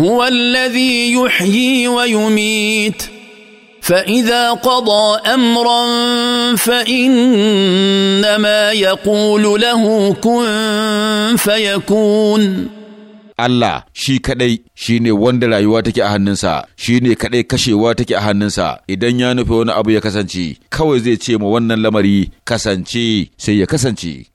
هو الذي يحيي ويميت فاذا قضى امرا فانما يقول له كن فيكون Allah shi kaɗai shi ne wanda rayuwa take a hannunsa shi ne kaɗai kashewa take a hannunsa idan ya nufi wani abu ya kasance kawai zai ce ma wannan lamari kasance sai ya kasance